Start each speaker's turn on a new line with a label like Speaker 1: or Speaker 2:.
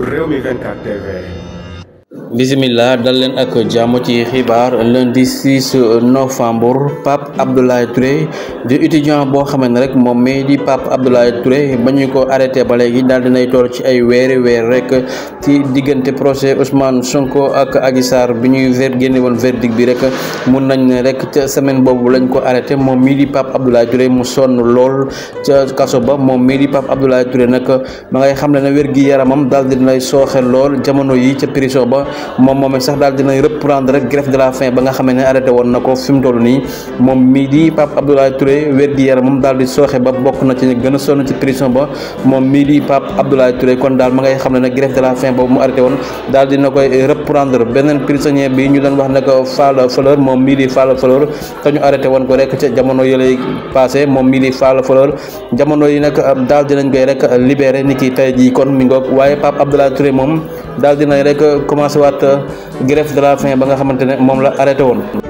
Speaker 1: real mutant active. bisimillah dal leen ak jàmm ci xibaar lundi 6 novembre Pape Abdoulaye Touré di étudiant boo xamee ne rek moom mii di Pape Abdoulaye Touré ba ñu ko arrêté ba léegi daal dinay tool ci ay weeri weer rek ci diggante projet Ousmane Sonko ak Adji Sarr bi ñuy ver génne woon verdict bi rek mun nañ ne rek ca semaine boobu lañ ko arrêté moom mii di Pape Abdoulaye Touré mu sonn lool ca kaso ba moom mii di Pape Abdoulaye Touré nag ma ngay xam ne ne wér gi yaramam daal dinay sooxe lool jamono yi ca prison ba moom moomee sax daal dinañ reprendre rek grève de la faim ba nga xam ne arrêté woon na ko fi nii moom mii di Pape Abdoulaye Touré wér yaram moom di sooxe ba bokk na ci ñu gën a sonn ci prison ba moom mii di Pape Abdoulaye Touré kon daal ma ngay xam ne nag grève de la faim boobu mu arrêté woon daal dina koy reprendre beneen prisonnier bi ñu doon wax ne ko Fall Fleur moom mii di Fall Fleur te ñu woon ko rek ca jamono yële passé moom mii di Fall Fleur daal dina rek commencé waat euh, grève de la fin ba nga xamante ne moom la arrêté woon.